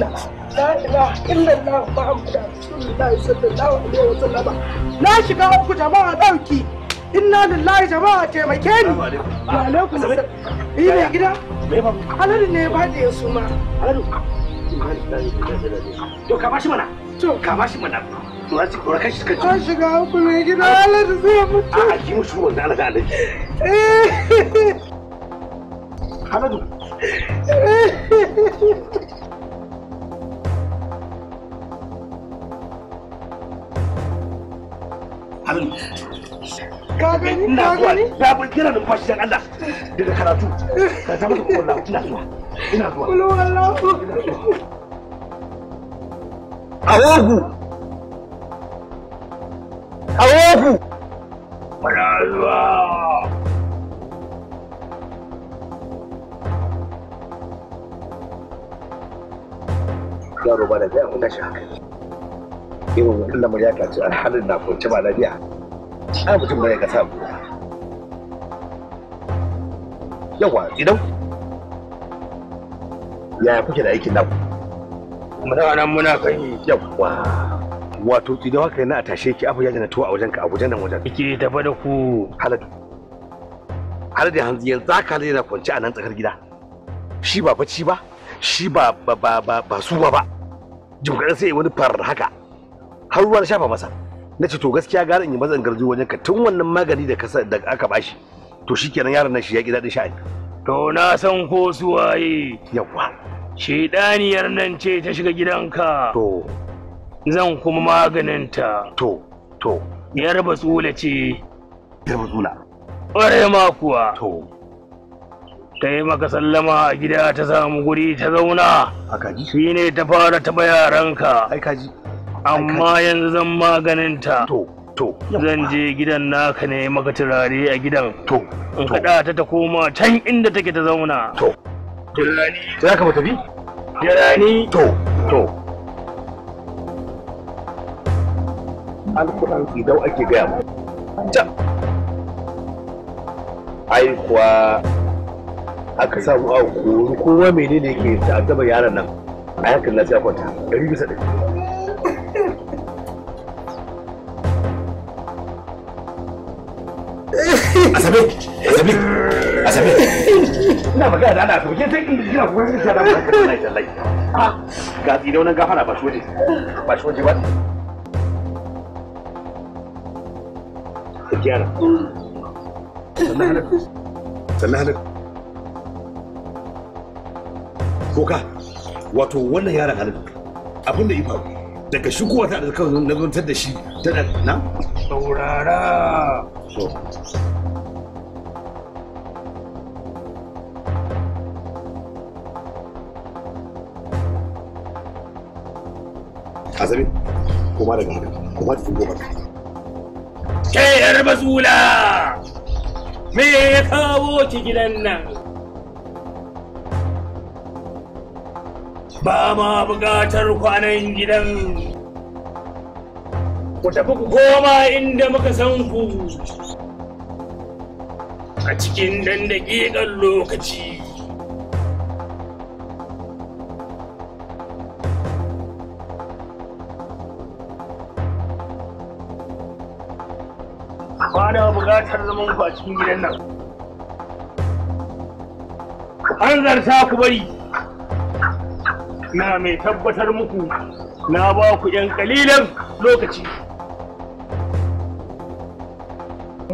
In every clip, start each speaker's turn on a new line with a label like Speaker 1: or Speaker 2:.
Speaker 1: rasulullah la ilaha illallah muhammadu rasulullahi sallallahu alaihi wa sallama na shiga uku jama'a dauki inna lillahi jama'a taimake ni wa alaikum assalam yi mai gida halal ne ba da ya suma halal to ka bashi mana to ka bashi mana to za su kora kan shi kan shiga uku mai gida halal zai mutu
Speaker 2: a ji musu wanda ana ga eh. halal halal eh. Haruna.
Speaker 1: Ka gani? Ina zuwa.
Speaker 2: Ya bin kira da dan Allah. Daga karatu. Ka zama da kullu ina zuwa. Ina zuwa. Kullu wallahu.
Speaker 1: Awogu. Awogu.
Speaker 2: Muna zuwa. Yaro ba da zai shi haka. ke wa mutum lamar ya kaci alhalin na kwanci ba lafiya ai mutum bai ka sa yawa idan yaya kuke da aikin naku muna nan muna kan yi yawa wato idan haka yana a tashe ki abu ya jana tuwa a wajen ka abuja nan wajen kike tafa da ku haladu haladu hanzu, yanzu haka haladu yana kwanci a nan tsakar gida shi ba bacci ba shi ba ba ba ba ba ba jinkarin sai wani far haka har ruwan shafa masa na ce to gaskiya gara in yi mazan garji wajen ka tun wannan magani da da aka bashi to shikenan yaron nan shi ya ki daɗin sha'ani to na san ko waye yawa shedaniyar nan ce ta shiga gidanka to zan kuma maganinta to to yar tsula ce Yar tsula ƙware ma kuwa to ta yi maka sallama a gida ta samu guri ta zauna a kaji shi ne ta fara taɓa yaranka ai kaji amma yanzu zan maganin ta to to zan je gidan naka ne maka turare a gidan to in kada ta ta koma can inda take ta zauna to turani za ka tafi turani to to alkuran idau ake gaya mu ai kuwa aka samu a kowa menene ke ta gaba yaran nan a yankin lafiya kwanta ɗari bisa ɗari asabe asabe asabe ina magana da ana asabe ke sai kina kuma kina da magana da lai ga tsino wannan gafara ba shoje ba shoje ba kiyana sannan koka wato wannan yaron halin abin da ifa daga shi kowa ta da kawai na zontar da shi ta na saurara so asabe kuma daga hannu, kuma ta tsingo ke yar bazula me ya kawo ki gidan nan ba ma buƙatar kwanan gidan ku tafi ku koma inda muka san ku a cikin dandaki dandaƙiƙan lokaci buƙatar zaman ku a cikin gidan nan an zarta ku bari na mai tabbatar muku na ba ku yan kalilan lokaci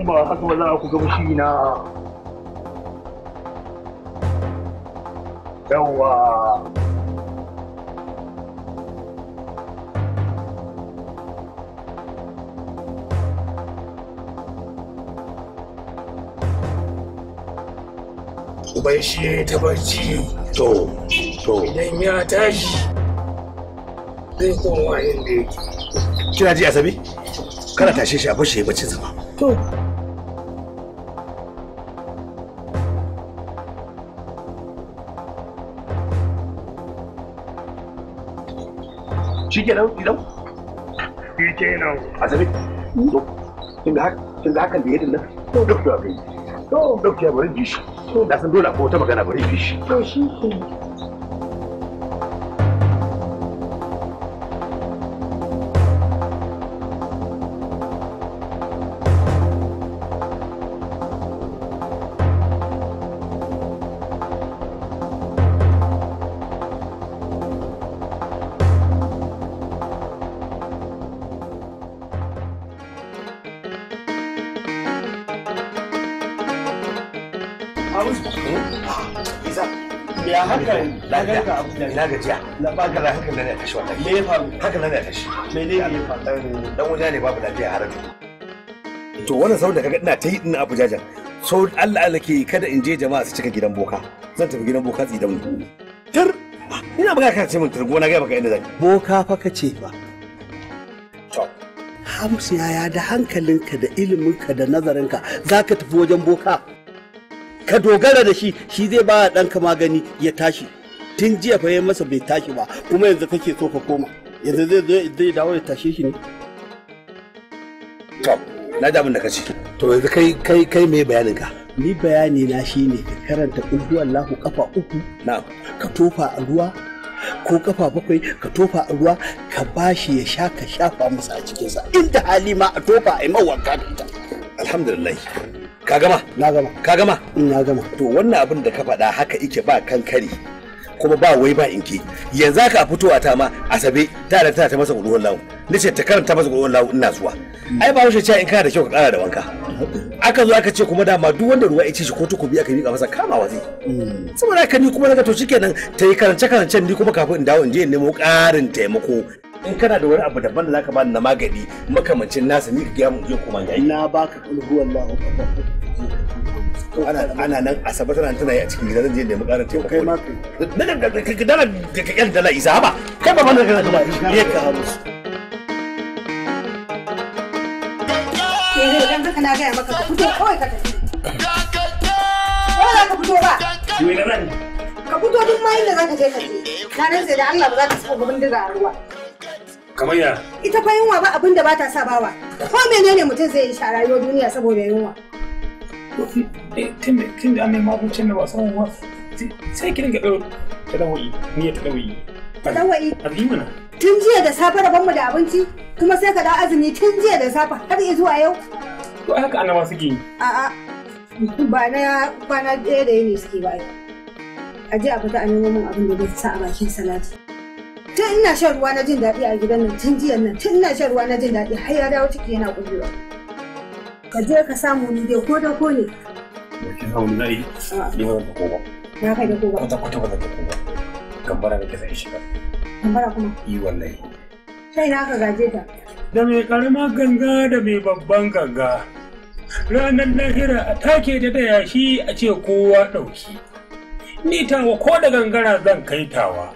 Speaker 2: ba haka ba za ku ga shi na yawwa bai shi ta barci to to idan ya tashi zai koma inda yake kina ji asabi kana tashe shi a bashi ya bacci zama to shi kenan nan idan shi ke nan asabi hmm? to kin da hakan da yadda na to duk da abin to duk ya ji shi da san dole ko ta magana bari fishi to shi ke na gajiya na baka na haka nan ya tashi wannan. me ya faru haka nan ya tashi me ne ya faru dan wani ne babu lafiya har to wannan sau da kaga ina ta yi ina abu jajan so Allah Allah ke kada in je jama'a su cika gidan boka zan tafi gidan boka tsidan mu tar ina baka ka ce min targo na ga baka inda zan boka fa ka ce ba to Hamsu yaya da hankalinka da iliminka da nazarinka za ka tafi wajen boka ka dogara da shi shi zai ba ɗanka magani ya tashi tun jiya fa masa bai tashi ba kuma yanzu kake so ka koma yanzu zai zo zai dawo ya tashe shi ne to na da abin da kace to yanzu kai kai kai me bayanin ka ni bayani na shine ka karanta kulhu Allahu kafa uku na ka tofa a ruwa ko kafa bakwai ka tofa a ruwa ka bashi ya sha ka shafa masa a cikinsa inda hali ma a tofa a yi wanka da ita alhamdulillah ka gama na gama ka gama na gama to wannan abin da ka faɗa haka ike ba kankare kuma ba wai ba in ke yanzu haka fito a ta ma asabe ta da ta masa gudun lawo ce ta karanta masa gudun lawo ina zuwa ai ba wuce cewa in kana da kyau ka kara da wanka aka zo aka ce kuma dama duk wanda ruwa ya ci shi ko tukubi aka miƙa masa kama wazi saboda haka ni kuma naga to shikenan ta yi karance karancen ni kuma kafin in dawo in je in nemo ƙarin taimako in kana da wani abu daban da zaka bani na magani makamancin nasa ni ka gaya mu je kuma yayi na baka kulhu wallahu ana ana nan asabe tana tana yi a cikin gidan je nemi ƙarar taimako kai ma kai ka dala ka kyan dala isa ba kai ba ban da kana kuma ya ka hawo
Speaker 3: su yanzu kana gaya maka ka fito kawai ka tafi ko ka fito ba ka fito duk ma inda za ka je ka je ranar sai da Allah ba za ka saka gabin da a ruwa kamar ya ita fa yunwa ba abin da ba ta sa bawa ko menene mutum zai yi shara a rayuwar duniya saboda yunwa
Speaker 2: eh, tun da annai magucin da ba samun wa sai ki ringa dawo ta yi ni ta yi ta bi mana tun jiya da safe rabon mu
Speaker 3: da abinci kuma sai ka da azumi tun jiya da safe har zuwa yau
Speaker 2: to haka annaba suke yi
Speaker 3: a'a ba na kwana ɗaya da yini suke ba a ji a fita a nemo min abin da zai sa a bakin salati tun ina shan ruwa na jin daɗi a gidan nan tun jiyan nan tun ina shan ruwa na jin daɗi har ya dawo ciki yana ƙujewa ka je ka samu ni dai ko da ko ne kin ni kai da koba
Speaker 2: kwata gambara ne gambara kuma yi wallahi
Speaker 3: sai na ka gaje ta
Speaker 2: da mai karama ganga da mai babban ganga ranar lahira a take da da yashi a ce kowa ɗauki ni tawa ko da gangara zan kai tawa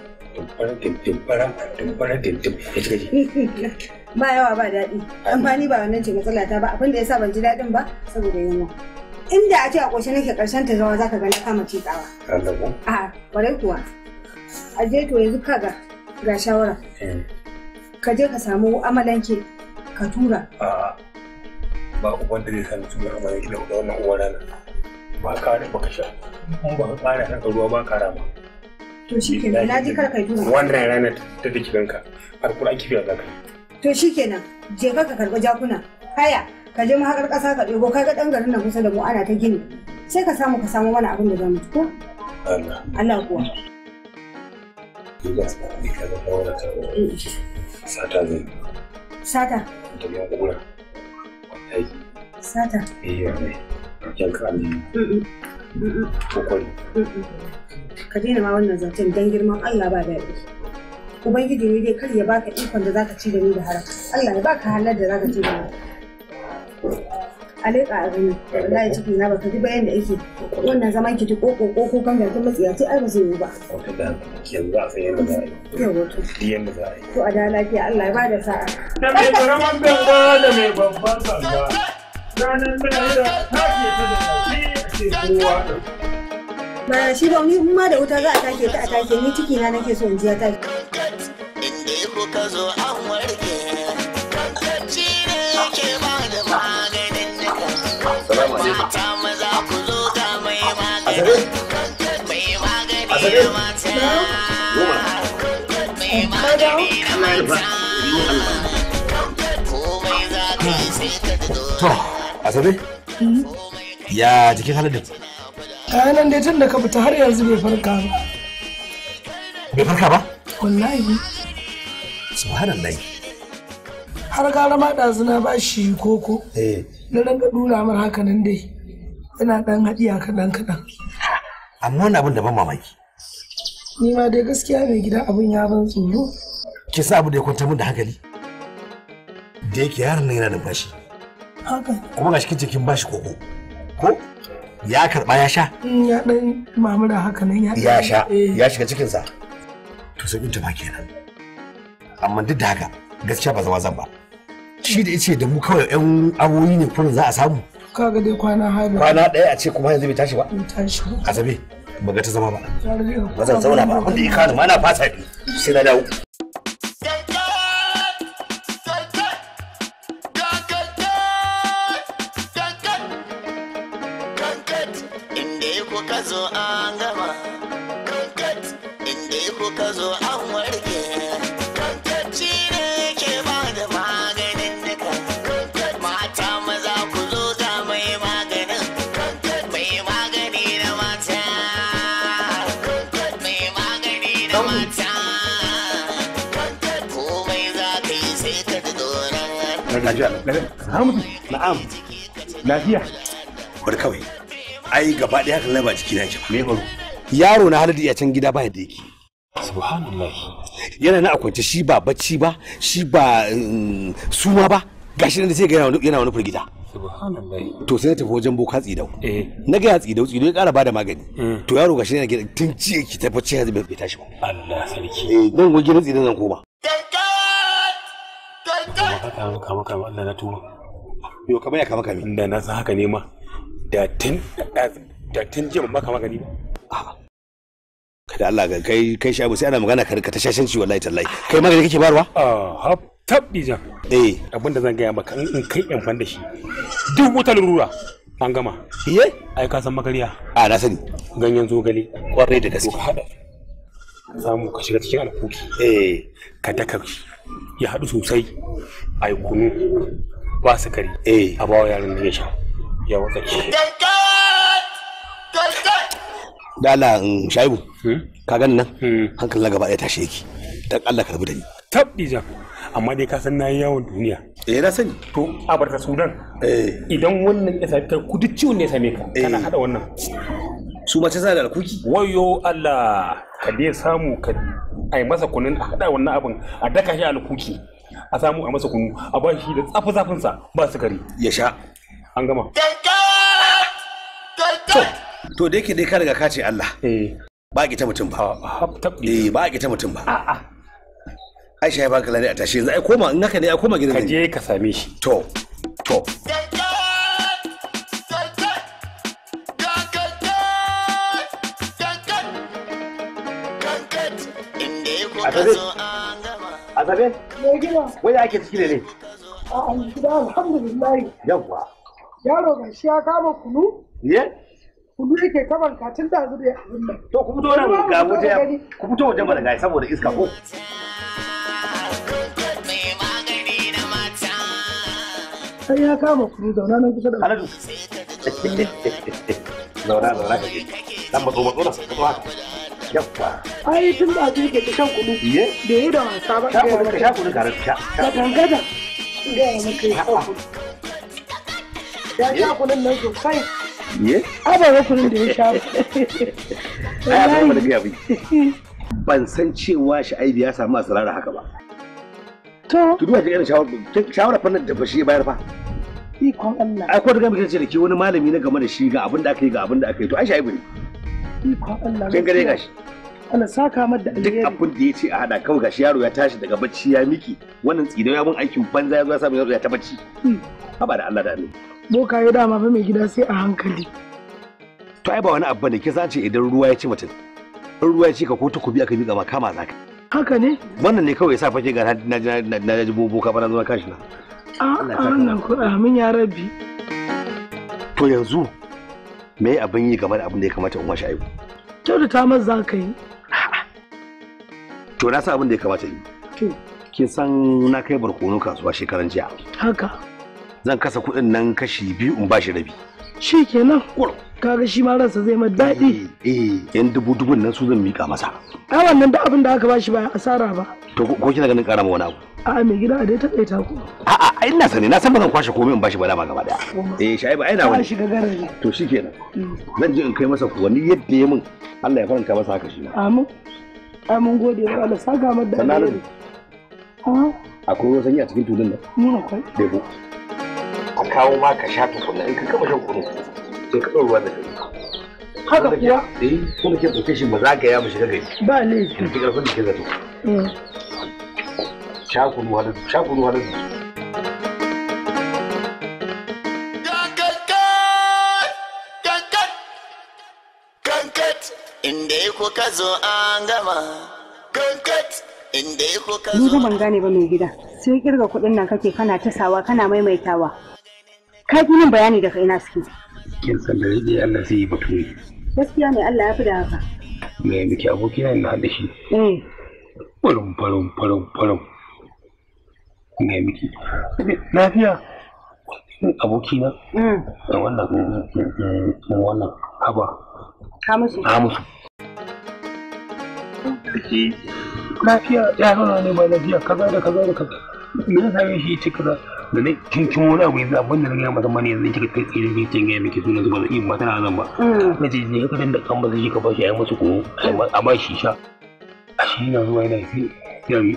Speaker 3: ba yawa ba daɗi amma ni ba wannan ce matsala ta ba abinda ya sa ban ji daɗin ba saboda yunwa inda a ce a ƙoshe nake ƙarshen ta zama zaka gani kama ci tsawa a ƙwarai kuwa a je to yanzu kaga ga shawara eh. ka je ka samu amalanke ka tura
Speaker 2: ba uban da zai sami tura amalanke da wannan uwa rana ba ka ba ka sha kuma ba ka ƙara haka ruwa ba ka rama To shi kenan, na ji karka duba. Wannan ranar ta da kiranka, an ake fiya zaka.
Speaker 3: To shi kenan, je ka ka karɓi jakuna, haya, ka je mahakar ƙasa ka ɗebo, ka ga ɗan garin nan kusa da mu ana ta gini. Sai ka samu ka samu mana abin da za mu ci ko? Allah. Allah kuwa.
Speaker 2: Mm. Sata zai. Sata. Da yankura. Sata. Eh, yanzu. Yanka ne. Kokori.
Speaker 3: ka daina ma wannan zancen dan girman Allah ba daɗi ubangiji ne dai kar ya baka ikon da zaka ci da ni da haram Allah ya baka halar da zaka ci da ni aleka a gani wallahi ciki na baka ji bayan da yake wannan zaman ki duk ko ko ko kan gantan matsiya ce ai ba zai yi
Speaker 2: ba yanzu a san za a yi yawa to za a yi
Speaker 3: to a da lafiya Allah ya bada sa'a
Speaker 4: da mai karaman ganga da mai babban ganga
Speaker 3: ranar da ta ke ta da shi a
Speaker 4: kowa
Speaker 3: ba shi ba ni ma da wuta za a take ta a take ni ciki na nake so in ji ta
Speaker 5: inda ku ka zo an warke ne yake ba da maganin nika mata maza ku zo mai mai magani mata mai magani mata
Speaker 2: komai za ka yi sai ka Asabe?
Speaker 1: Mm-hmm.
Speaker 2: Ya halin da
Speaker 1: ranar dai tun da ka fita har yanzu bai farka ba bai farka ba wallahi subhanallah har gara ma ɗazuna ba shi koko eh. na ranka duna mar haka nan dai yana ɗan haɗiya kaɗan kaɗan
Speaker 2: amma wani abin da ban mamaki
Speaker 1: ni ma dai gaskiya mai gida abin ya ban tsoro
Speaker 2: ki sa abu da ya kwanta min da hankali da yake yaron nan yana bashi haka kuma gashi kin ce kin bashi koko ko ya karba ya sha
Speaker 1: ya dan mamura haka nan ya ya sha eh.
Speaker 2: ya shiga cikin sa to sai in tuba kenan amma duk da haka gaskiya ba zama zan ba shi da yace da mu kawai ƴan awoyi ne kurin za a samu kaga dai
Speaker 1: kwana haɗu kwana
Speaker 2: ɗaya a ce kuma yanzu bai tashi ba
Speaker 1: bai tashi ba
Speaker 2: azabe ba ga ta zama ba
Speaker 1: ba zan zauna ba abin da ya kanu ma na
Speaker 2: fasa sai na dawo na na'am lafiya kawai ai gaba na ke ba me can gida ba yadda yake subhanallah yana na akwance shi ba bacci ba shi ba mm, suma ba gashi da sai gaya yana wani firgita to sai na tafi wajen boka tsidau eh. na gaya tsidau tsidau ya kara bada magani mm. to yaro gashi yana gidan tun ci yake tabbaci ya bai tashi ba Allah sarki dan eh, wajen tsidau zan koma ta kama kama Allah na tuba yo kama ya kama kami. da na san haka ne ma da tun da tun jiya ba kama gani ba kada Allah ga kai kai shabu sai ana magana ka ta shashanci wallahi tallahi kai magana kake barwa ah tabdi jan eh abinda zan gaya maka in kai yan fan shi duk wata lurura an gama iye ai ka san magariya a na sani ganyen zogale kwarai da gaske ka hada samu ka shiga cikin alkuki eh ka daka shi ya haɗu sosai a yi kunu ba sukari eh. a bawa yaron da ya sha ya watsa shi dala in um, shaibu hmm? ka gan nan hmm. hankalin gaba ɗaya tashi yake dan Allah ka rabu da ni tabbi jam amma dai ka san na yawon duniya eh na sani to a barka sudan eh. idan wannan ya same ka ciwon ne ya same ka eh. kana hada wannan su mace za da alkuki wayo Allah ka dai samu ka ai masa kunun a hada wannan abin a daka shi alkuki a samu a masa kunu a ba shi da tsafi zafin sa ba gari. ya sha an gama to da yake dai ka riga ka ce Allah eh. ba ki ta mutum ba ah, ah, eh ba ki ta mutum ba a'a ah, Aisha ya baka lani a tashi yanzu ai koma in haka ne ai koma gidan ka je ka same shi to to
Speaker 1: Asabe. Asabe. Me gida. Wai
Speaker 4: ake da, ne ne.
Speaker 1: A gida alhamdulillah. Yawwa. Yaro ga shi ya kama kunu? Ye? Kunu yake kaman katin da zube a nan. To ku fito nan ga waje.
Speaker 2: Ku fito waje mana ga saboda iska ko.
Speaker 1: Sai ya kama kunu zauna nan kusa da. Aladu.
Speaker 2: Zauna zauna. Dan matso matso da haka. yawwa
Speaker 1: ai tun da je ke shan kudu. ye da yi da wasa ba sha kunu ka sha kunu garin sha da gangada ga ya muke ya sha kunun nan sosai ye abawa kunun da ya sha ba. ai abawa da ga
Speaker 2: bi ban san cewa sha'ibi ya samu asirara haka ba to ki duba irin shawara fannin da fashi bayar fa
Speaker 1: ikon Allah
Speaker 2: ai ko da ga ce da ke wani malami na game da shi ga abin da aka yi ga abin da aka yi to ai sha'ibi ne
Speaker 1: kin gare gashi Allah saka mar da alheri
Speaker 2: duk abin da ce a hada kawai gashi yaro ya tashi daga bacci ya miki wannan tsidau ya bin aikin banza ya zo ya samu yaro ya ta bacci hmm. haba da Allah da Allah
Speaker 1: boka ya dama fa mai gida sai a hankali
Speaker 2: to ai ba wani abu ne ke sace idan ruwa ya ci mutum in ruwa ya ci ka ko takobi aka miƙa ma kama zaka haka ne wannan ne kawai ya sa fake ga na na ji bobo ka bana zuwa kashi na
Speaker 1: A'a wannan ku amin ya rabbi
Speaker 2: to yanzu me abin yi game da abin da ya kamata in washe
Speaker 1: Kyau da ta maza ka yi
Speaker 2: to na san abin da ya kamata
Speaker 1: yi
Speaker 2: kin san na kai barkono kasuwa shekaran jiya haka zan kasa kuɗin nan kashi biyu in bashi rabi shi kenan kaga shi ma ransa zai mai daɗi eh, eh yan dubu dubun nan su zan miƙa
Speaker 1: masa ai wannan da abin da aka bashi ba asara ba
Speaker 2: to ko kina ganin ƙara ma wani abu
Speaker 1: a mai gida a dai ta kai ko. ku a a
Speaker 2: ina sani na san ba zan kwashe komai in bashi ba dama gaba daya eh shaibu ai na wani
Speaker 1: shiga garin to shikenan hmm.
Speaker 2: zan je in kai masa kuwani yadda ya min Allah ya faranta masa haka shi ma
Speaker 1: amin amin gode wa Allah saka mar da alheri akwai wasan yi
Speaker 2: a cikin tulun nan
Speaker 1: ni akwai bebo
Speaker 2: a kawo ma ka sha tukunna in ka gama shan kunu sai ka ɗau ruwa da kai haka kuwa eh kuma ke ɗauke shi ba za ka ya mu shiga gari ba ne ki ƙarfin da ke zato hmm. shakuru halin shakuru halin
Speaker 5: Inda yi kuka zo an gama, kankat inda yi kuka
Speaker 3: zo. Ni ban gane ba mai gida, sai kirga kuɗin nan kake kana tasawa kana maimaitawa. Ka ji min bayani daga ina suke.
Speaker 2: Kin san da zai Allah sai yi batu
Speaker 3: Gaskiya ne Allah ya fi da haka.
Speaker 2: Me muke abokina na da shi. Eh. Farin farin farin farin. ga miki lafiya abokina mm. da wannan mm, mm, wannan haba ka musu ka musu lafiya ne ba lafiya kaza da kaza da kaza me zai yi shi cika da ne kin kin wani abu yanzu abin da na gaya mata mani yanzu kika kai tsirin kin kin gaya miki sunan zuba zai ba tana zan ba na ce ne ka dan da kan ba zai ka bashi ayi masa ko a ba shi sha a shi yana zuwa yana sai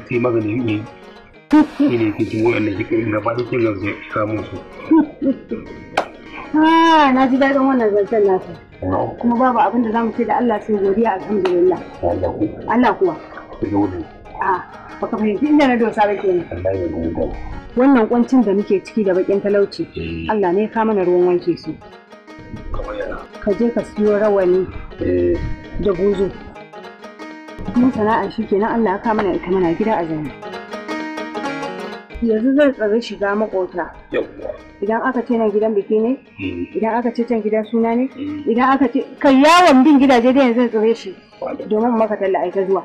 Speaker 2: sai magani ne shi ah, ne cikin waɗanda kika yi gaba da kin gaske samun su.
Speaker 3: na ji daɗin wannan zancen nasa. Kuma babu abin da za mu ce da Allah sai godiya alhamdulillah. Allah kuwa. A ah, baka fahimci inda na dosa ba kenan. Wannan kwancin da muke ciki da bakin talauci, Allah ne ka mana ruwan wanke su. Ka je ka siyo rawani da guzu. Mun sana'a shi kenan Allah ka mana ita mana gida a jami'a. yanzu zan tsare shiga makota idan aka ce nan gidan biki ne hmm. idan aka ce can gidan suna ne hmm. idan aka ce kai yawon bin gidaje da yanzu tsare shi domin maka talla aika zuwa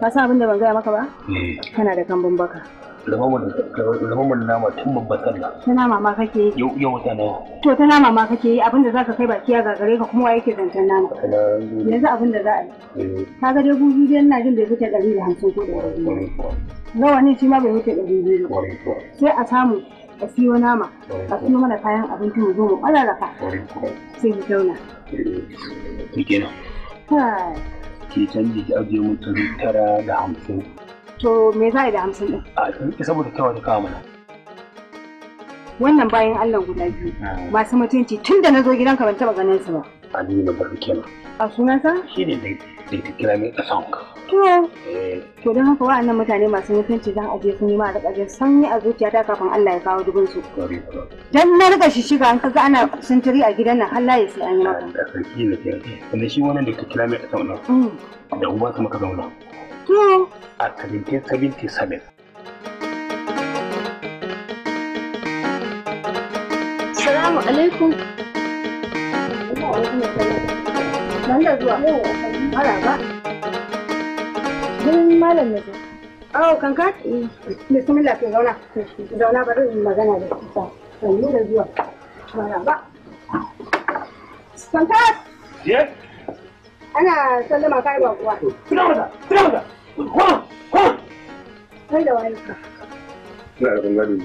Speaker 3: ka san abin da ban gaya maka ba hmm. kana da kambun baka
Speaker 2: Lamamun nama tun babban sallah
Speaker 3: ta nama ma kake yi yau yau ta nawa to ta nama ma kake yi abinda zaka kai baki ya gagare ka kuma waye yake zancen nama yanzu abinda za a yi ka ga dai gugu dai ina jin bai ta ɗari da hamsin ko da ɗari rawanin shi ma bai wuce ɗari biyu ba sai a samu a siyo nama a siyo mana kayan abinci mu zo mu ƙararraka
Speaker 2: sai ki zauna. Ki kenan. Ki canji ki ajiye mutum tara da hamsin.
Speaker 3: To me za a yi da hamsin ɗin?
Speaker 2: A ki saboda kyawa ta kawo mana.
Speaker 3: Wannan bayan Allah guda biyu ah. masu mutunci tun da na zo gidanka ban taɓa ganin su ba.
Speaker 2: Aminu Barkema.
Speaker 3: A sunansa? Shi ne
Speaker 2: dai. sai ta kira mai song.
Speaker 3: To, eh. to don haka wa'annan mutane masu mutunci zan aje sun yi ma da ƙaje sanyi a zuciyata kafin Allah ya kawo dubin su. Dan na riga shi shiga an kaga ana sintiri a gidan nan Allah ya sai an yi ah, maka.
Speaker 2: Da sarki ne ke kuma shi wannan da ta kira mai song nan. Mm. Da uban sa maka zauna. To, a 1777.
Speaker 3: Salamu alaikum. Nan da zuwa. Maraba. Mun malam na zo. Oh, kanka? Bismillah ke zauna. Zauna bari in magana da kusa. Sannu da zuwa. Maraba. Kanka? Yes. Ana sallama kai ba kuwa.
Speaker 1: Kuna
Speaker 2: mata, kuna mata. Kwan,
Speaker 3: kwan. Kai da wani ka.
Speaker 2: Ina da bangare ne.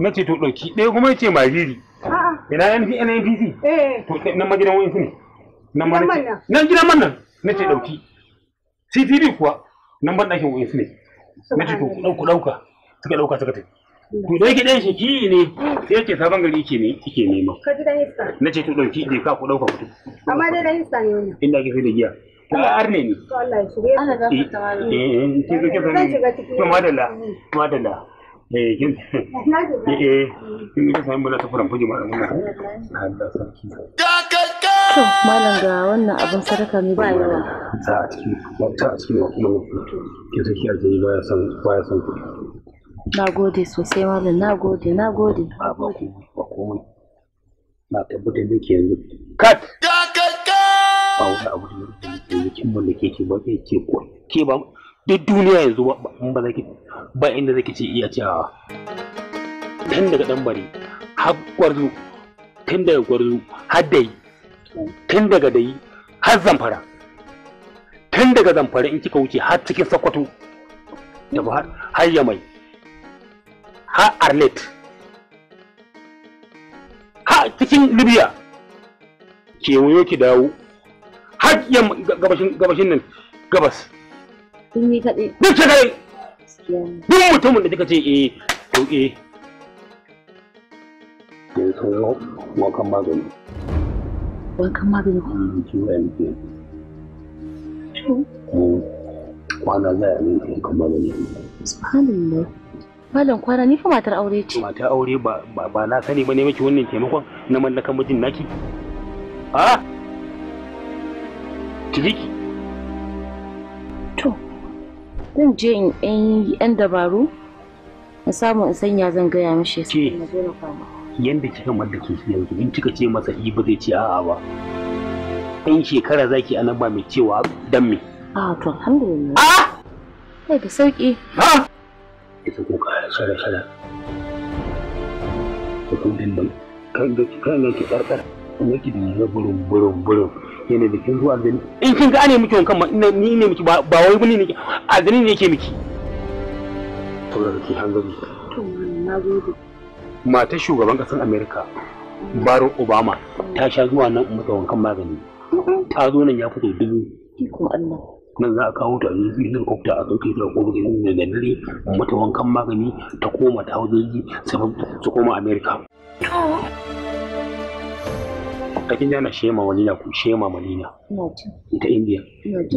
Speaker 2: na ce to ɗauki ɗaya kuma ya ce
Speaker 1: ina
Speaker 2: eh. to nan magidan ne nan gidan mannan na ce ah. ɗauki CTV kuwa nan ban ɗakin ne na ce to ku ɗauka suka ɗauka suka ta mm. to da yake shi ki ne mm. sai yake sabon gari yake ne yake na ce to ɗauki ɗaya ka ku ɗauka ku
Speaker 3: amma dai da hisa ne wani
Speaker 2: inda ake sai da giya kuma arne ne
Speaker 3: ko Allah ya shirya ana eh
Speaker 2: eh, eh ga ga madalla mm. madalla eh kin eh kin ga sayan bala ta furan
Speaker 3: malam ga wannan abin sadaka ne ba yawa
Speaker 2: za a ciki ta a ciki kuma ke take a jini baya san baya san ku
Speaker 3: na gode sosai malam na gode na gode
Speaker 2: ba ba ku ba komai na tabbatar da ke yanzu kat ba wani abu da ke yi kin mallake ke ba ke ko ke ba duk duniya yanzu ba zaki ba inda zaki ce iya cewa tun daga dan Bari, har gwarzo tun daga gwarzo har dai tun daga dai har zamfara tun daga zamfara in kika wuce har cikin sokoto da ba har yamai har arlet har cikin libya kewaye ki dawo har gabashin nan gabas
Speaker 3: Sun yi kaɗai. Duk ta
Speaker 2: kaɗai. Duk mutumin da kika ce eh to eh. Da ya sauyo wakan magani. Wakan magani ko? Mm, mm, ke. Kwana za a yi kai magani.
Speaker 3: Subhanallah. Malam kwana ni fa matar aure
Speaker 2: ce. Matar aure ba ba na sani ba ne miki wannan taimakon na mallakan mijin naki. Ah! Tiliki.
Speaker 3: Kun je in yan dabaru in samu in sanya zan gaya mishi ce
Speaker 2: yanda kika mallake shi yanzu in kika ce masa yi ba zai ce a'a ba ɗan shekara zaki anan ba mai cewa dan me
Speaker 3: a to alhamdulillah a kai da sauki a
Speaker 2: ita ko ka shara shara da kudin nan kan ga kan ga ki karkar kuma ki da burum burum burum ke ne da kin zuwa aljani in kin ga ane miki wankan ma ni ne miki ba wai wani ne aljani ne yake miki saboda ki hanzari
Speaker 3: to na gode
Speaker 2: mata shugaban kasar America Barack Obama ta sha zuwa nan in mata wankan magani ta zo nan ya fito dubu ikon Allah nan za a kawo ta ne nan kwakwata a sauke ta ko ne da dare mata wankan magani ta koma ta hau sabon su koma America. kakin jana shema walina ku shema walina ita indiya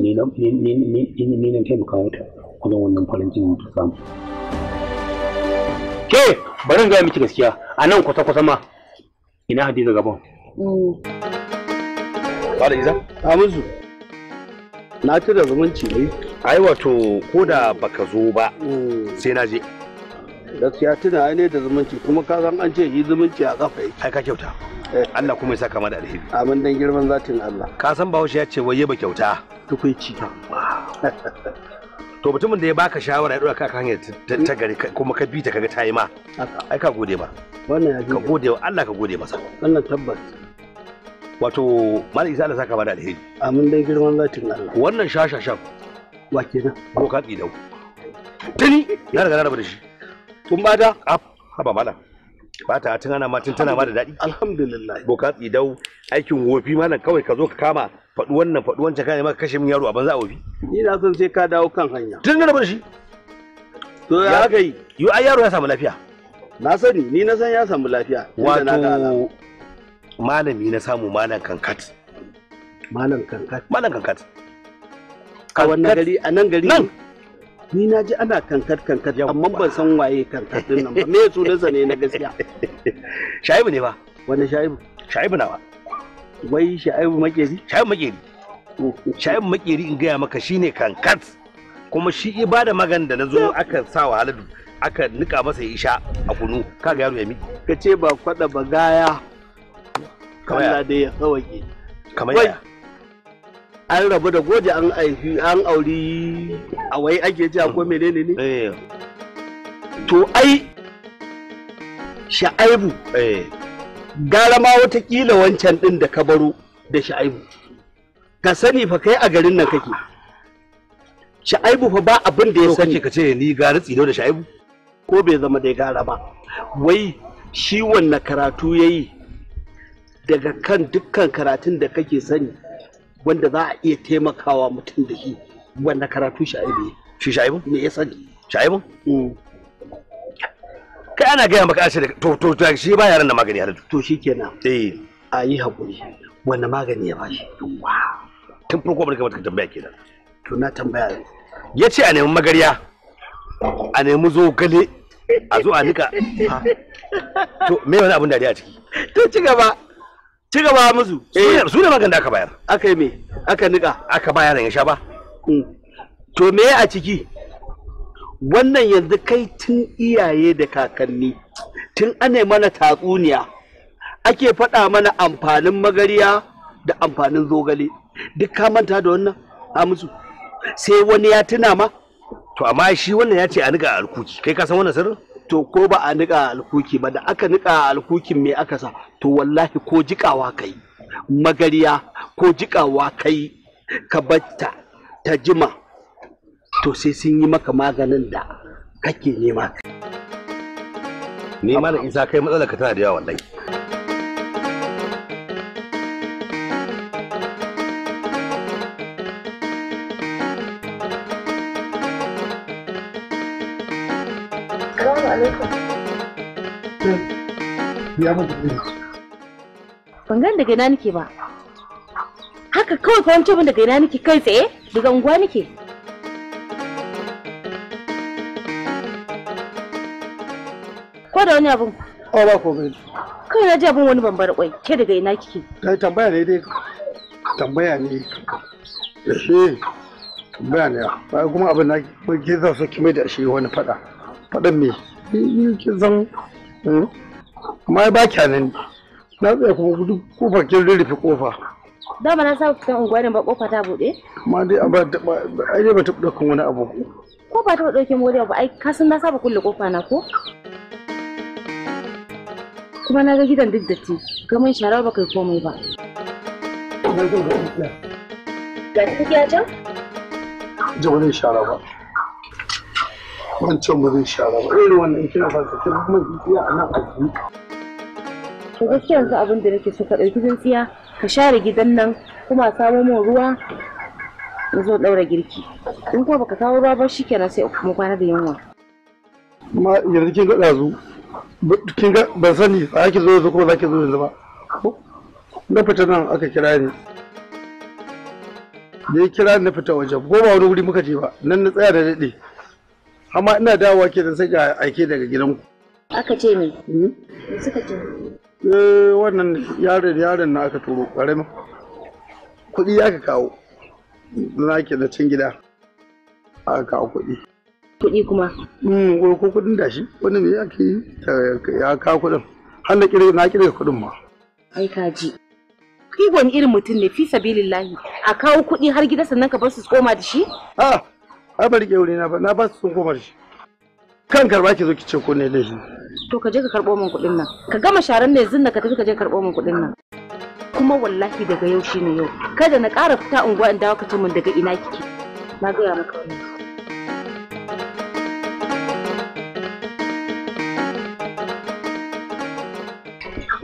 Speaker 2: ne nan taimaka ta kudin wannan farin cikin ta samu ke bari gaya miki gaskiya a nan kwata-kwata ma ina hadiza gaban Bada mm. Iza? Hamisu. Na ci da zumunci ne. Ai wato ko da baka zo ba mm. sai na je. Gaskiya tuna ai ne da zumunci kuma ka san an ce yi zumunci a kafa. Ai ka kyauta. Allah kuma ya saka mana alheri amin dan girman zatin Allah ka san Bahaushe ya ce wai yaba kyauta tukuici to mutumin da ya baka shawara ya dora ka hanyar ta gari kuma ka bi ta kaga tayi ma ai ka gode ma wannan ka gode wa Allah ka gode masa wannan tabbas wato mal isa Allah saka mana alheri amin dan girman zatin Allah wannan shashashan wa kenan ko ka tsidau tuni na riga na raba da shi kun bada haba malam ba ta tana ma tun tana ma da daɗi alhamdulillah boka dau aikin wofi malam kawai ka zo ka kama faɗi wannan faɗi wancan kana ma ka kashe min yaro a banza a wofi ni na son sai ka dawo kan hanya tun da bar shi to ya kai. yi yo ai yaro ya samu lafiya na sani ni na san ya samu lafiya wato malami na samu malam kankat malam kankat malam kankat a wannan gari a nan gari nan ni na ji ana kankat kankat amma ban san waye kankat din nan ba me da ne na gaskiya shaibu ne ba wani shaibu shaibu nawa wai shaibu makeri shaibu makeri oh, oh, oh. shaibu makeri in gaya maka shine kankat kuma shi bada magan da nazo aka sa wa haladu aka nika masa isha a kunu ka ga yaro ya miki? ka ce ba kwada ba gaya kamar da ya tsawake kamar ya an rabu da goje an aihi an auri a wai ake ji ko menene ne eh. to ai sha'aibu eh. gara ma watakila wancan din da ka baro da sha'aibu ka sani fa kai a garin nan kake sha'aibu fa ba abin da ya sani ka ce ni gara tsido da sha'aibu ko bai zama dai gara ba wai shi wannan karatu yayi daga kan dukkan karatun da kake sani wanda za a iya taimakawa mutum da shi wanda karatu sha'ibu shi sha'ibu me ya sani sha'ibu mm. kai ana gaya maka ashe to to to shi ba yaran da magani halatu to shikenan eh a yi hakuri wanda magani ya bashi wa tun farko barka da tambaya kenan to na tambaya ya ce a nemi magarya a nemi zogale a zo a nika to me wani abin dariya a ciki to ci gaba ci gaba musu eh. su ne magan da aka bayar aka yi me aka nika aka bayar ya sha ba mm. to me a ciki wannan yanzu kai tun iyaye da kakanni tun ana mana tatsuniya ake faɗa mana amfanin magariya da amfanin zogale duk ka manta da wannan a musu sai wani ya tuna ma to amma shi wannan ya ce a nika alkuki kai ka san wannan sirrin to ko ba a nika alkuki ba da aka nika alkukin mai aka sa to wallahi ko jikawa kai magariya ko jikawa kai ka batta ta jima to sai sun yi maka maganin da kake nema ni malam isa kai matsalar ka tana da yawa wallahi
Speaker 3: ya mata kuɗi ban gan daga ina nake ba haka kawai fa wancan daga ina nake kai tsaye daga unguwa nake
Speaker 4: ko da wani abin ko ba ko gani kai na ji abin wani bambar kwai ke daga ina kike kai tambaya ne dai tambaya ne eh tambaya ne ba kuma abin na ke zan za su kime da shi wani faɗa, faɗan me ni ki zan hmm? amma ba kya nan na tsaye kuma duk kofar kin rufe kofa
Speaker 3: da ba na sa fitan unguwar ba kofa ta bude
Speaker 4: amma dai a ba ai ba ta daukan wani abu
Speaker 3: ko ba ta dauke mu ba ai ka san na saba kulle kofa na ko kuma na ga gidan duk datti gaman shara ba kai komai ba
Speaker 4: ga duk ya can jawanin shara ba wancan ba zai shara ba irin wannan kina fasa kuma gidiya a nan a
Speaker 3: to gaskiya yanzu abin da nake so ka ɗauki tsintsiya ka share gidan nan kuma samo min ruwa in zo ɗaura girki in kuma baka kawo ruwa ba shikenan sai mu kwana da yunwa
Speaker 4: ma yanzu kin ga dazu kin ga ban sani za ki zo yanzu ko za ki zo yanzu ba na fita nan aka kira ni da ya kira na fita waje ko ba wani wuri muka je ba nan na tsaya da daɗe amma ina dawowa ke da sai ga aike daga gidanku aka ce ne hmm? suka ce Eh, wannan yaron yaron na aka turo ƙaramin kuɗi ya ka kawo na ke da cin gida aka kawo kuɗi kuɗi kuma mm ko kuɗin dashi wani me yaki ya kawo kuɗin har na kirga na kirga kuɗin ma
Speaker 3: ai kaji kai wani irin mutum ne fi sabilillahi
Speaker 4: a kawo kuɗi har gida sannan ka bar su koma da shi a ah, ba ke wuri na ba na ba su sun koma da shi kan karba ki zo ki ce ko ne laifi to ka je ka karbo min kuɗin nan ka
Speaker 3: gama sharan ne zinna ka tafi ka je karbo min kuɗin nan kuma wallahi daga yau shine yau kada na ƙara fita unguwa in dawo ka ce min daga ina kike na gaya maka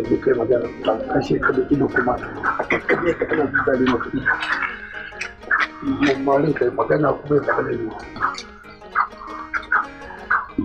Speaker 4: da kai magana ba kashe ka da ido kuma a kakkame ka kana da maka ido. Mun marin kai magana kuma ya zama ne.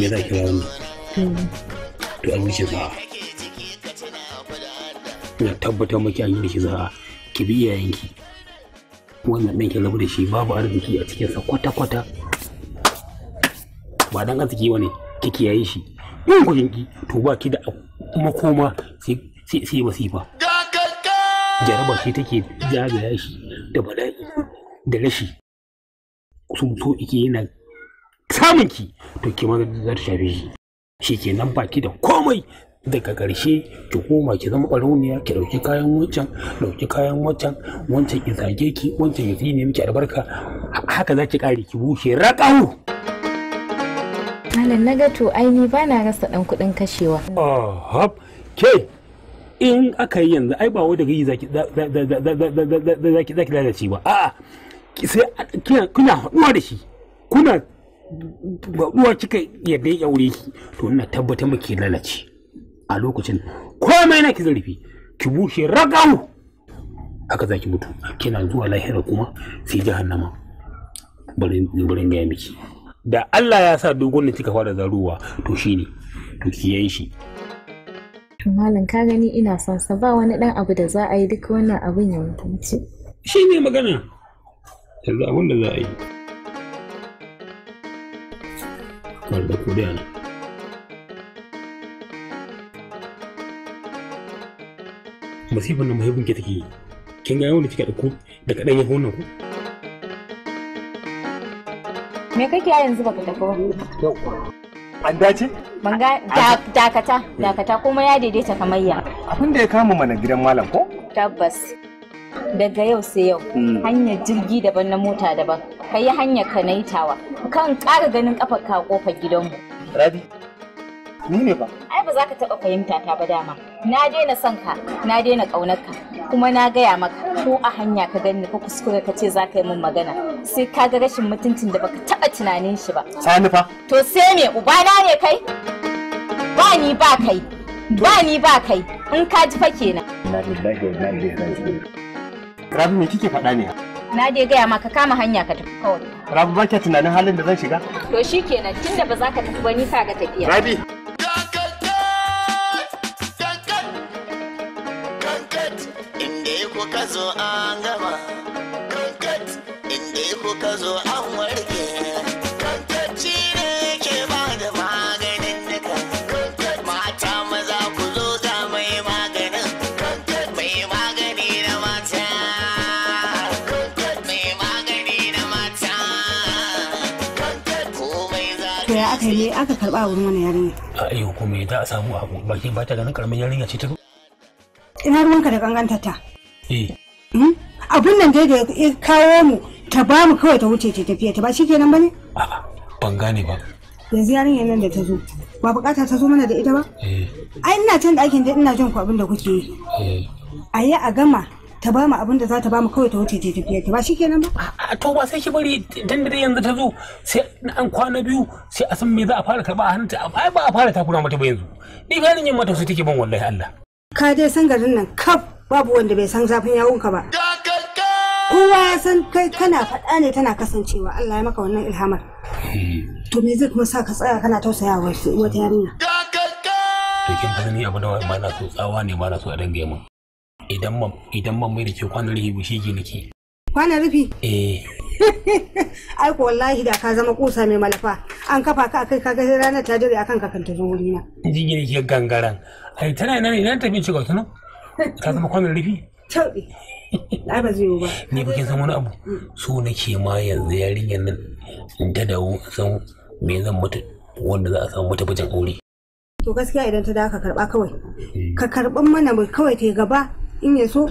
Speaker 2: me za ki wannan to an wuce za na tabbatar maki an yi shi za ki bi iyayenki wannan ɗan ki rabu da shi babu arziki a cikinsa kwata-kwata ba dan arziki wani kiki yayi shi in ku yinki to ba ki da makoma sai sai masifa jaraba shi take zagaya shi da bala'i da rashi sun so ike yana samun ki to ki ma za ta shafe shi shi kenan baki da komai daga ƙarshe ki koma ki zama ɓarauniya ki ɗauki kayan wancan ɗauki kayan wancan wancan ki zage ki wancan ki zine miki albarka haka za ki ƙare ki bushe raƙau.
Speaker 3: Malam na gato aini ba na rasa ɗan kuɗin kashewa.
Speaker 2: Ahab ke in aka yi yanzu ai ba wai daga yi za ki lalace ba a'a sai kuna haɗuwa da shi kuna ba uwa kika yadda ya aure to ina tabbatar muke lalace a lokacin komai na ki zarafi ki bushe ragawu aka zaki mutu kina zuwa lahira kuma sai jahannama barin gaya miki da Allah ya sa dogon da kika fara zaruwa to shine to kiyaye shi
Speaker 3: malam ka gani ina son sa ba wani dan abu da za a yi duk wannan abin ya
Speaker 2: mutunci ne magana yanzu abin da za a yi വളരെ കൂടിയാണ് masifan nan mahaifin ke take yi kin ga yawan da kika dauko da kadan ya wannan ku
Speaker 3: me kake yanzu baka tafi
Speaker 2: ba an dace
Speaker 3: ban ga dakata dakata kuma ya daidaita kamar ya
Speaker 2: abin da ya kama mana gidan malam ko
Speaker 3: tabbas daga yau sai yau hmm. hanyar jirgi daban na mota daban ka yi hanyar ka na kan ƙara ganin ƙafar ka ƙofar gidanmu.
Speaker 2: Rabi, ni ne ba.
Speaker 3: Ai ba za ka taɓa fahimta ta ba dama. Na daina son ka, na daina ƙaunar ka, kuma na gaya maka ko a hanya ka gani ko kuskure ka ce za ka yi min magana. Sai ka ga rashin mutuncin da baka taɓa tunanin shi ba. Sani fa. To sai me ubana ne kai? Ba ni ba kai. Ba ni ba kai. In ka ji fa kenan.
Speaker 2: Na lillahi wa na ilaihi raji'un. Rabi me kike faɗa ne?
Speaker 3: na dai gaya maka kama hanya ka tafi kawai
Speaker 2: rabi ba tunanin halin da zan shiga
Speaker 3: to shi tun tunda ba za ka tafi ba nisa ga tafiya rabi
Speaker 5: kankat inda ya ka zo an
Speaker 3: hankali aka karba wurin wani yarinya
Speaker 2: a yau kuma yadda a samu a bakin ba ta ganin karamin yarinya ce ta
Speaker 3: ina ruwanka da ganganta ta eh hmm? abun nan dai da ya kawo mu ta ba mu kawai ta wuce ta tafiya ta ba shi kenan bane a'a ban gane ba yanzu yarinyar nan da ta zo ba bukata ta zo mana da ita ba eh. ai ina can da ake ina jin ku abin da kuke yi eh. a yi a gama ta ba mu abin da
Speaker 2: za ta ba mu kawai ta wuce ta tafiya ta ba shi kenan ba a to ba sai ki bari dan da yanzu ta zo sai an kwana biyu sai a san me za a fara karba a hannunta ai ba a fara takura mata ba yanzu ni ga yin mata su take ban wallahi Allah
Speaker 3: ka dai san garin nan kaf babu wanda bai san zafin yawunka ba kowa ya san kai kana faɗa ne tana kasancewa Allah ya maka wannan ilhamar to me zai kuma sa ka tsaya kana tausayawa wata yarinya
Speaker 2: to kin ni abu da ba na so tsawa ne ma na so a dangaye mun idan mam mai da ke kwanan rufi ba shige nake kwanan rufi eh
Speaker 3: ai ko wallahi da ka zama kusa mai malafa an kafa ka kai kaga ranar ta dare akan kakan ta zo na
Speaker 2: jige nake gangaran ai tana yana ne ina tafi ci ga tunan ka zama kwanan rufi
Speaker 3: tauɗi Na ba zai yi ba
Speaker 2: ni kuke san wani abu mm. so nake ma yanzu yarinyar nan in ta san me zan mutu wanda za a samu mata bijin aure
Speaker 3: to gaskiya idan ta da ka karba kawai mm. ka karban mana mai kawai ta gaba in ya so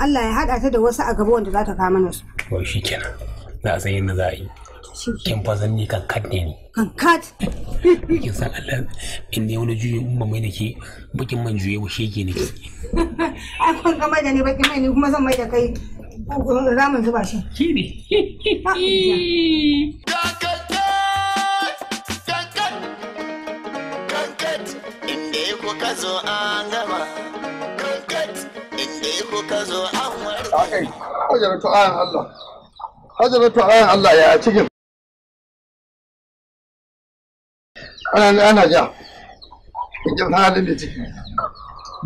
Speaker 3: Allah ya haɗa ta da wasu a gaba wanda za ta kama nasu. su.
Speaker 2: Wai shi kenan za a sayi na za a yi. Kin fasan ni kankat ne ni. Kankat? Kin san Allah in ne wani juyi in mai da ke bakin man juye wa shege ne ke.
Speaker 3: Ai kun kama da ni bakin mai ne kuma zan mai da kai ramin zuba shi. Ki ne.
Speaker 4: kai hajaratu Allah hajaratu ayan Allah ya cikin ana ana ja cikin halin da ciki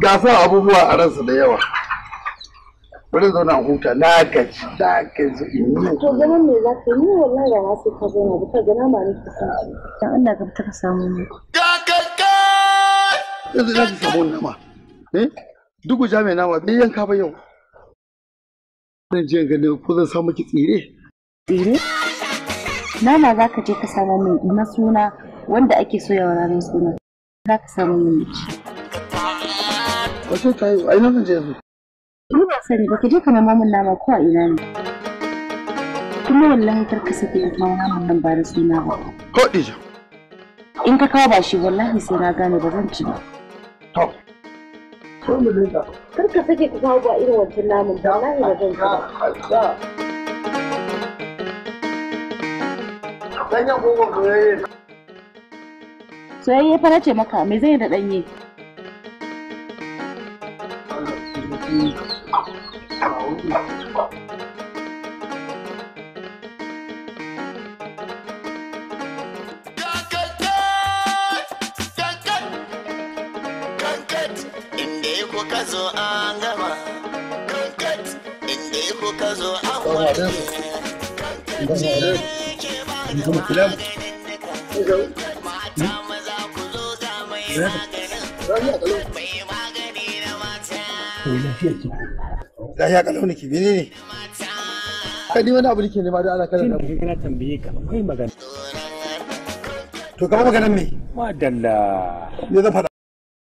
Speaker 4: ga abubuwa a ransa da yawa bari zauna huta na gaji na gaji in to
Speaker 3: ganin me za ka yi wallahi da wasu ka zauna da
Speaker 4: gana ma ni ka san dan Allah ka fita ka samu ni ga yanzu na samu nama eh dugu jami'a nama bai yanka ba yau Zan je ganin ko zan samu ki tsire. Tsire? Nana za
Speaker 3: ka je ka samu min na suna wanda ake soyawa ranar suna. Za ka samu min miki. Wace ta yi ai nan je yanzu. Ni ba sani ba ka je ka nemo min nama ko a ina ne. Kuma wallahi kar ka saki yin kawo naman nan ba da suna ba. Ko dija. In ka kawo ba shi wallahi sai na gane ba zan ci ba.
Speaker 4: To. Ko mu dinka.
Speaker 3: kar ka sake ka kawo ba irin wancan namun ba na ba
Speaker 4: zan ba
Speaker 3: soyayye fara ce maka me zai da ɗanye
Speaker 5: sama kula
Speaker 4: lafiya kalau ne ki mene ne kai ni wani abu nake nema da ana kana da mu kana tambaye ka akwai magana
Speaker 2: to ka maganan me madalla me zan faɗa